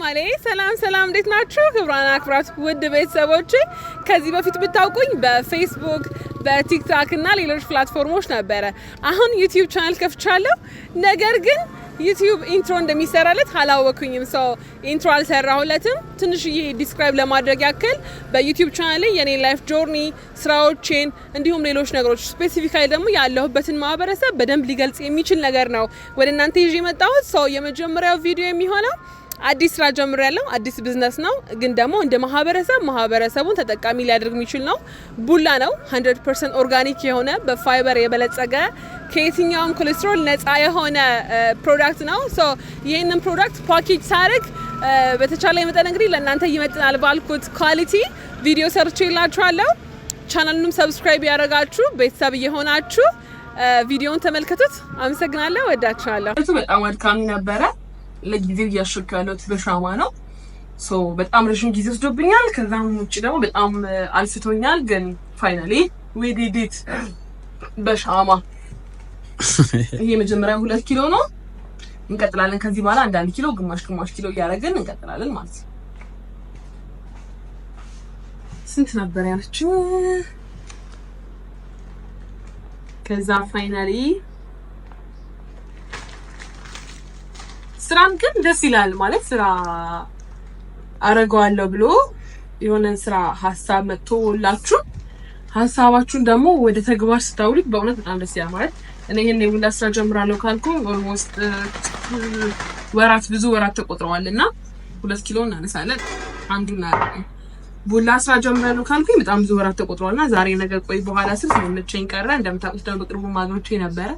ማሌ ሰላም ሰላም፣ እንዴት ናችሁ? ክብራን አክብራት ውድ ቤተሰቦች ከዚህ በፊት ብታውቁኝ በፌስቡክ በቲክቶክ እና ሌሎች ፕላትፎርሞች ነበረ። አሁን ዩቲዩብ ቻናል ከፍቻለሁ። ነገር ግን ዩቲዩብ ኢንትሮ እንደሚሰራለት አላወኩኝም። ሰው ኢንትሮ አልሰራሁለትም። ትንሽዬ ዲስክራይብ ለማድረግ ያክል በዩቲዩብ ቻናል የኔ ላይፍ ጆርኒ፣ ስራዎቼን፣ እንዲሁም ሌሎች ነገሮች ስፔሲፊካሊ ደግሞ ያለሁበትን ማህበረሰብ በደንብ ሊገልጽ የሚችል ነገር ነው ወደ እናንተ ይዤ የመጣሁት። ሰው የመጀመሪያው ቪዲዮ የሚሆነው አዲስ ስራ ጀምሮ ያለው አዲስ ቢዝነስ ነው፣ ግን ደግሞ እንደ ማህበረሰብ ማህበረሰቡን ተጠቃሚ ሊያደርግ የሚችል ነው። ቡላ ነው 100 ኦርጋኒክ የሆነ በፋይበር የበለጸገ ከየትኛውም ኮሌስትሮል ነፃ የሆነ ፕሮዳክት ነው። ሶ ይህንን ፕሮዳክት ፓኬጅ ሳርግ በተቻለ የመጠን እንግዲህ ለእናንተ ይመጥናል ባልኩት ኳሊቲ ቪዲዮ ሰርቼ ይላችኋለሁ። ቻናሉንም ሰብስክራይብ ያደረጋችሁ ቤተሰብ እየሆናችሁ ቪዲዮውን ተመልከቱት። አመሰግናለሁ። ወዳችኋለሁ። በጣም ወድካሚ ነበረ። ለጊዜው እያሸኩ ያለሁት በሻማ ነው። በጣም ረዥም ጊዜ ወስዶብኛል። ከዛም ውጭ ደግሞ በጣም አልስቶኛል። ግን ፋይናሊ ዌድ ዲድ በሻማ ይሄ መጀመሪያ ሁለት ኪሎ ነው። እንቀጥላለን። ከዚህ በኋላ አንዳንድ ኪሎ፣ ግማሽ ግማሽ ኪሎ እያደረግን እንቀጥላለን ማለት ነው። ስንት ነበር ያለችው? ከዛ ፋይናሊ ስራን ግን ደስ ይላል ማለት ስራ አረገዋለሁ ብሎ የሆነን ስራ ሀሳብ መጥቶላችሁ ሀሳባችሁን ደግሞ ወደ ተግባር ስታውሉት በእውነት በጣም ደስ ይላል ማለት እኔ ይህን የቡላ ስራ ጀምራለሁ ካልኩ ኦልሞስት ወራት ብዙ ወራት ተቆጥረዋል እና ሁለት ኪሎ እናነሳለን አንዱ ና ቡላ ስራ ጀምራለሁ ካልኩኝ በጣም ብዙ ወራት ተቆጥረዋል እና ዛሬ ነገር ቆይ በኋላ ስል ሳይመቸኝ ቀረ። እንደምታውቁት ደግሞ በቅርቡ ማግኘቼ ነበረ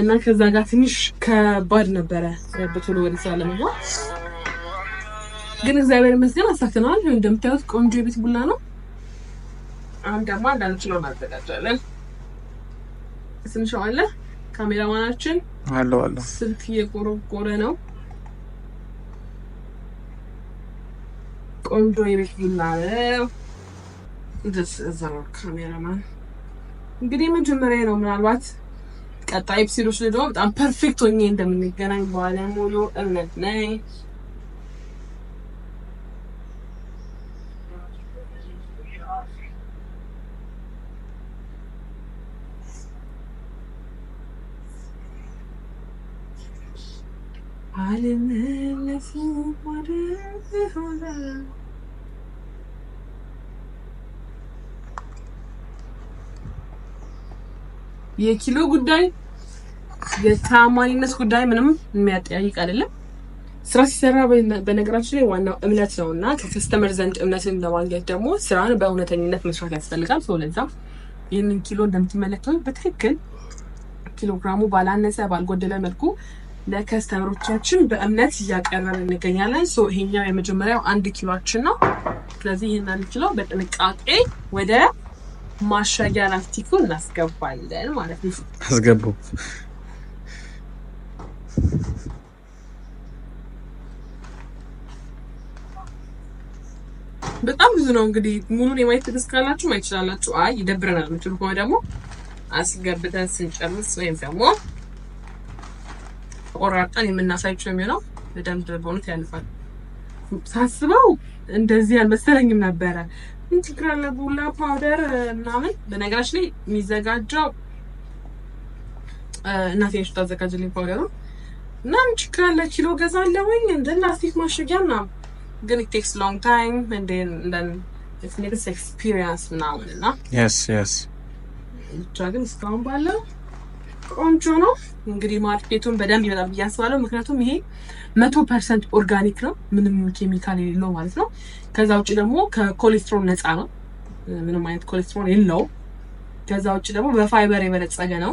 እና ከዛ ጋር ትንሽ ከባድ ነበረ በቶሎ ወደ ስራ ለመግባት ግን እግዚአብሔር ይመስገን አሳክተነዋል። እንደምታዩት ቆንጆ የቤት ቡና ነው። አሁን ደግሞ አንዳንድ ችሎ እናዘጋጃለን። አለ ካሜራማናችን አለዋለሁ ስልክ እየቆረቆረ ነው። ቆንጆ የቤት ቡና ነው። ደስ ዘሮ ካሜራማን እንግዲህ መጀመሪያ ነው ምናልባት ቀጣይ ኤፒሶዶች ላይ ደግሞ በጣም ፐርፌክት ሆኜ እንደምንገናኝ ባለሙሉ እምነት ነኝ። አልመለስም ወደ ኋላ የኪሎ ጉዳይ የታማኝነት ጉዳይ ምንም የሚያጠያይቅ አይደለም። ስራ ሲሰራ በነገራችን ላይ ዋናው እምነት ነው እና ከከስተመር ዘንድ እምነትን ለማግኘት ደግሞ ስራን በእውነተኝነት መስራት ያስፈልጋል። ሰው ለዛ ይህንን ኪሎ እንደምትመለከቱ በትክክል ኪሎግራሙ ባላነሰ ባልጎደለ መልኩ ለከስተመሮቻችን በእምነት እያቀረበ እንገኛለን። ይሄኛው የመጀመሪያው አንድ ኪሎችን ነው። ስለዚህ ይህን አንድ ኪሎ በጥንቃቄ ወደ ማሸጊያ ላስቲኩ እናስገባለን ማለት ነው። አስገቡ በጣም ብዙ ነው እንግዲህ ሙሉን የማየት ትዕግስት ካላችሁ ማየት ትችላላችሁ። አይ ይደብረናል የምትሉ ከሆነ ደግሞ አስገብተን ስንጨርስ ወይም ደግሞ ቆራርጠን የምናሳያችሁ የሚሆነው በደንብ በእውነት ያልፋል። ሳስበው እንደዚህ አልመሰለኝም ነበረ። ምን ችግር አለ? ቡላ ፓውደር ምናምን። በነገራችን ላይ የሚዘጋጀው እናቴ ነች ታዘጋጅልኝ ፓውደሩ እና ምን ችግር አለ? ኪሎ ገዛለሁኝ እንደ ላስቲክ ማሸጊያ ምናምን ግን ኢት ቴክስ ሎንግ ታይም ኔክስ ኤክስፒሪየንስ ምናምን እና ብቻ ግን እስካሁን ባለው ቆንጆ ነው። እንግዲህ ማርኬቱን በደንብ ይመጣል ብያስባለው ምክንያቱም ይሄ መቶ ፐርሰንት ኦርጋኒክ ነው፣ ምንም ኬሚካል የሌለው ማለት ነው። ከዛ ውጭ ደግሞ ከኮሌስትሮል ነፃ ነው፣ ምንም አይነት ኮሌስትሮል የለው ከዛ ውጭ ደግሞ በፋይበር የበለጸገ ነው።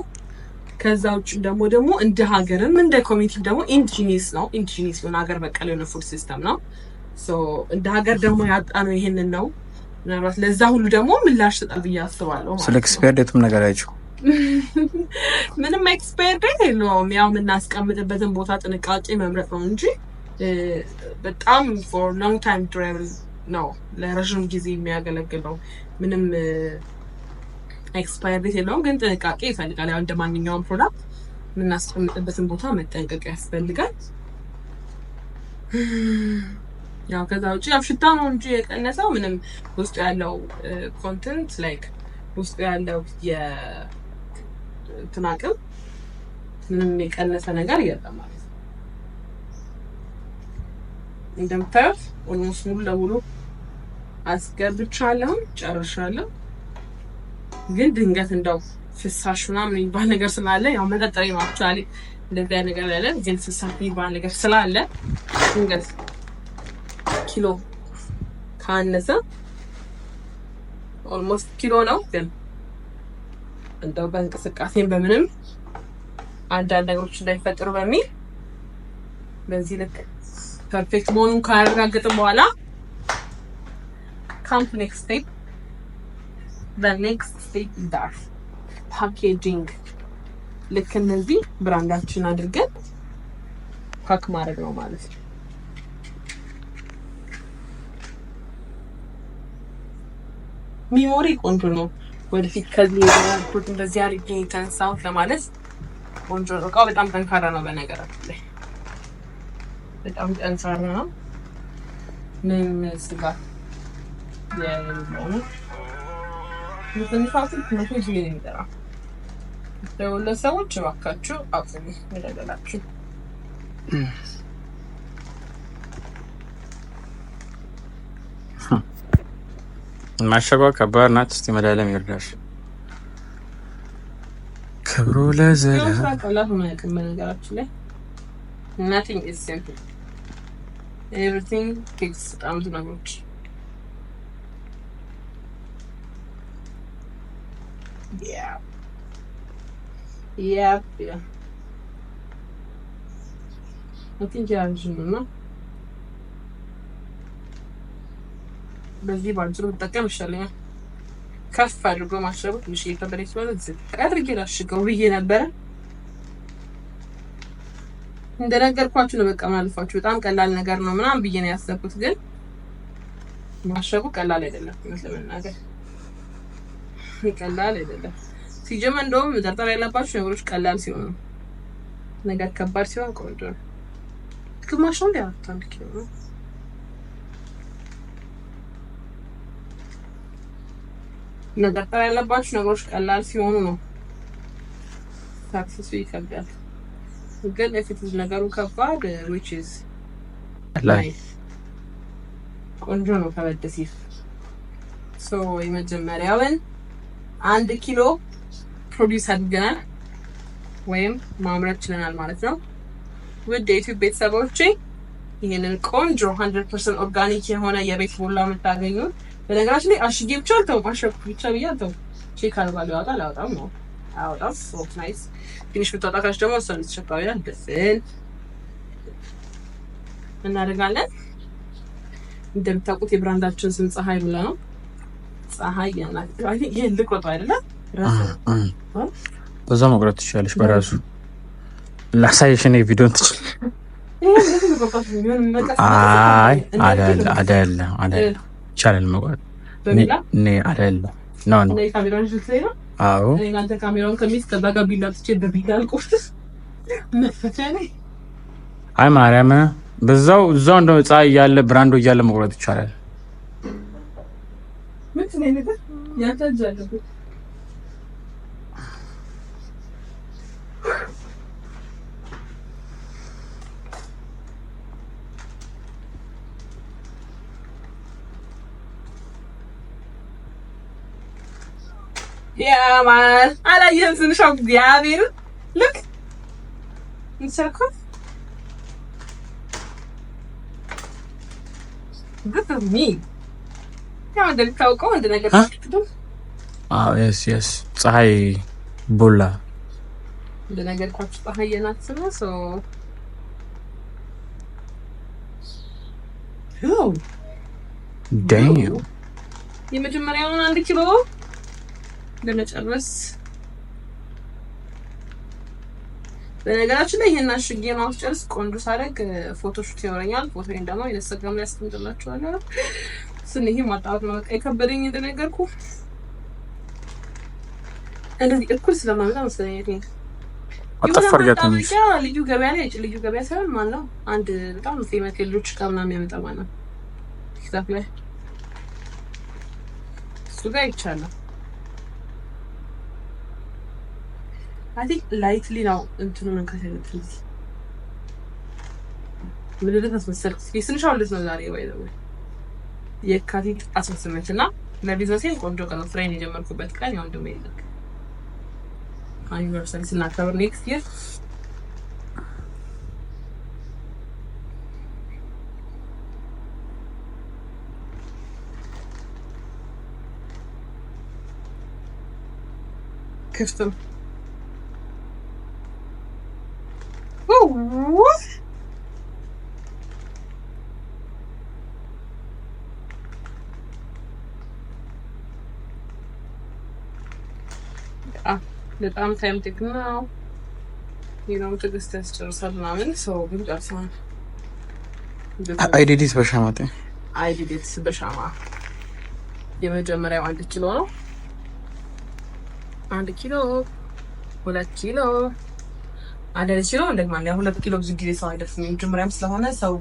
ከዛ ውጭ ደግሞ ደግሞ እንደ ሀገርም እንደ ኮሚኒቲ ደግሞ ኢንዲጂኒስ ነው። ኢንዲጂኒስ የሆነ ሀገር በቀል የሆነ ፉድ ሲስተም ነው። እንደ ሀገር ደግሞ ያጣ ነው ይሄንን ነው። ምናልባት ለዛ ሁሉ ደግሞ ምላሽ ሰጣል ብዬ አስባለሁ። ስለ ኤክስፓየር ዴቱም ነገር አይችው ምንም ኤክስፓየር ዴት የለውም። ያው የምናስቀምጥበትን ቦታ ጥንቃቄ መምረጥ ነው እንጂ በጣም ፎር ሎንግ ታይም ትራቨል ነው ለረዥም ጊዜ የሚያገለግለው። ምንም ኤክስፓየር ዴት የለውም፣ ግን ጥንቃቄ ይፈልጋል። ያው እንደ ማንኛውም ፕሮዳክት የምናስቀምጥበትን ቦታ መጠንቀቅ ያስፈልጋል። ያው ከዛ ውጭ ያው ሽታ ነው እንጂ የቀነሰው ምንም ውስጡ ያለው ኮንተንት ላይክ ውስጡ ያለው የእንትን አቅም ምንም የቀነሰ ነገር የለም ማለት ነው። እንደምታዩት ኦልሞስት ሙሉ ለሙሉ አስገብቻለሁ፣ ጨርሻለሁ። ግን ድንገት እንደው ፍሳሽ ምናምን የሚባል ነገር ስላለ ያው መጠጠሪ ነው አክቹዋሊ እንደዚያ ነገር ያለ ግን ፍሳሽ የሚባል ነገር ስላለ ድንገት ኪሎ ካነሰ ኦልሞስት ኪሎ ነው፣ ግን እንደው በእንቅስቃሴም በምንም አንዳንድ ነገሮች እንዳይፈጥሩ በሚል በዚህ ልክ ፐርፌክት መሆኑን ካረጋገጥን በኋላ ካምፕ ኔክስት ስቴፕ በኔክስት ስቴፕ ዳር ፓኬጂንግ ልክ እነዚህ ብራንዳችን አድርገን ፓክ ማድረግ ነው ማለት ነው። ሚሞሪ ቆንጆ ነው። ወደፊት ከዚህ ሪፖርት እንደዚህ አድርጌ የተነሳሁት ለማለት ቆንጆ ነው። እቃው በጣም ጠንካራ ነው። በነገራችን ላይ በጣም ጠንካራ ነው። ምንም ስጋት የሌለው ነው። ሰዎች እባካችሁ ይደገላችሁ معشبك أبارنا تستمر على ميرجاش ክብሩ ለዘላ ነገራችን ላይ ናቲንግ ኢዝ ሲምፕል ኤቭሪቲንግ ቴክስ በጣም ብዙ ነገሮች ያ ያ ቲንክ ያ ነው በዚህ ባጭሩ ብጠቀም ይሻለኛል። ከፍ አድርጎ ማሸሩ ትንሽ እየከበደ ስለሆነ ዝቅ አድርጌ ላሽገው ብዬ ነበረ። እንደነገርኳችሁ ነው። በቃ ምናልፋችሁ በጣም ቀላል ነገር ነው ምናምን ብዬ ነው ያሰብኩት፣ ግን ማሸጉ ቀላል አይደለም። እውነት ለመናገር ቀላል አይደለም። ሲጀመር እንደውም መጠርጠር ያለባችሁ ነገሮች ቀላል ሲሆኑ፣ ነገር ከባድ ሲሆን ቆንጆ ነው። ግማሽ ነው ያወጣን ነው መቀጠል ያለባችሁ ነገሮች ቀላል ሲሆኑ ነው። ሳክሰሱ ይከብዳል። ግን ኢፍ ነገሩ ከባድ which is ቆንጆ ነው ከበድ ሲል ሶ የመጀመሪያውን አንድ ኪሎ ፕሮዲውስ አድርገናል ወይም ማምረት ችለናል ማለት ነው። ውድ የዩቲዩብ ቤተሰቦቼ ይህንን ቆንጆ 100 ኦርጋኒክ የሆነ የቤት ቦላ የምታገኙት በነገራችን ላይ አሽጌ ብቻ አልተውም፣ ባሸኩ ብቻ ብዬ አልተውም። ቼክ አርባ ያወጣ ላወጣም ነው አወጣም። ሶት ናይስ ትንሽ ብታወጣ ካሽ ደግሞ እሷን ተሸጣው ይላል። ደስን እናደርጋለን። እንደምታውቁት የብራንዳችን ስም ፀሐይ ብለ ነው። ፀሐይ ያናግራል። ይሄን ልቆጣ አይደለም ራሱ በዛ መቁረጥ ትችላለሽ በራሱ ላሳይሽ እኔ ቪዲዮን ትችል አይ አይደለ አይደለ አይደለ ይቻላል መቁረጥ ነው ነው አዎ አይ ማርያም፣ በዛው እዛው እንደው ፀሐይ እያለ ብራንዶ እያለ መቁረጥ ይቻላል። ምን ትነኝ ነገር ያንተ እጅ አለበት አላየህም? ትንሿ እግዚአብሔር ልክ ምሰርኩት ግፍሚ ያው እንደምታውቀው አንድ ነገር ስ ስ ፀሐይ ቦላ እንደነገርኳችሁ ፀሐይ የናት ስለ ሰው የመጀመሪያውን አንድ ኪሎ ለመጨረስ በነገራችን ላይ ይሄን አሽጌ ማስጨርስ ቆንጆ ሳደርግ ፎቶ ሹት ይኖረኛል። ፎቶዬን ደግሞ ኢንስታግራም ላይ አስቀምጥላችኋለሁ። ስን ይሄ ማጣራት ነው በቃ የከበደኝ እንደነገርኩ እንደዚህ እኩል ስለማመጣ መሰለኝ ልዩ ገበያ ላይ ልዩ ገበያ ሳይሆን ማለት ነው አንድ በጣም ፌመስ የልጆች ዕቃ ምናምን ያመጣ ማለት ነው ቲክታክ ላይ እሱ ጋር ይቻላል። ቲንክ ላይትሊ ነው እንትኑ መንካት ያለብን ልጅ ምንድነት አስመሰልኩት ስንሻ ልት ነው ዛሬ ወይ የካቲት አስራ ስምንት እና ለቢዝነሴ ቆንጆ ቀን ፍሬን የጀመርኩበት ቀን ያው እንደውም የለም አኒቨርሰሪ ስናከብር ኔክስት ይር ክፍት በጣም ታይም ቴክ ነው ነው ትዕግስት ያስጨርሳል ምናምን ሰው ግን ጨርሰናል። አይዲዲስ በሻማ አይዲዲስ በሻማ የመጀመሪያው አንድ ኪሎ ነው። አንድ ኪሎ ሁለት ኪሎ አንዳንድ ኪሎ ያ ሁለት ኪሎ ብዙ ጊዜ ሰው አይደርስም፣ የመጀመሪያም ስለሆነ ሰው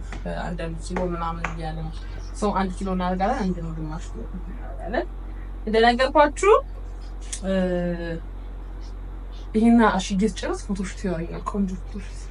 አንዳንድ ኪሎ ምናምን እያለ ነው ሰው አንድ ኪሎ እናደርጋለን። አንድ ነው ግማሽ እንደነገርኳችሁ ይሄና እሺ፣ ጌት ጨርስ ፎቶ ሹት ይሆናል። ቆንጆ ፎቶ ሹት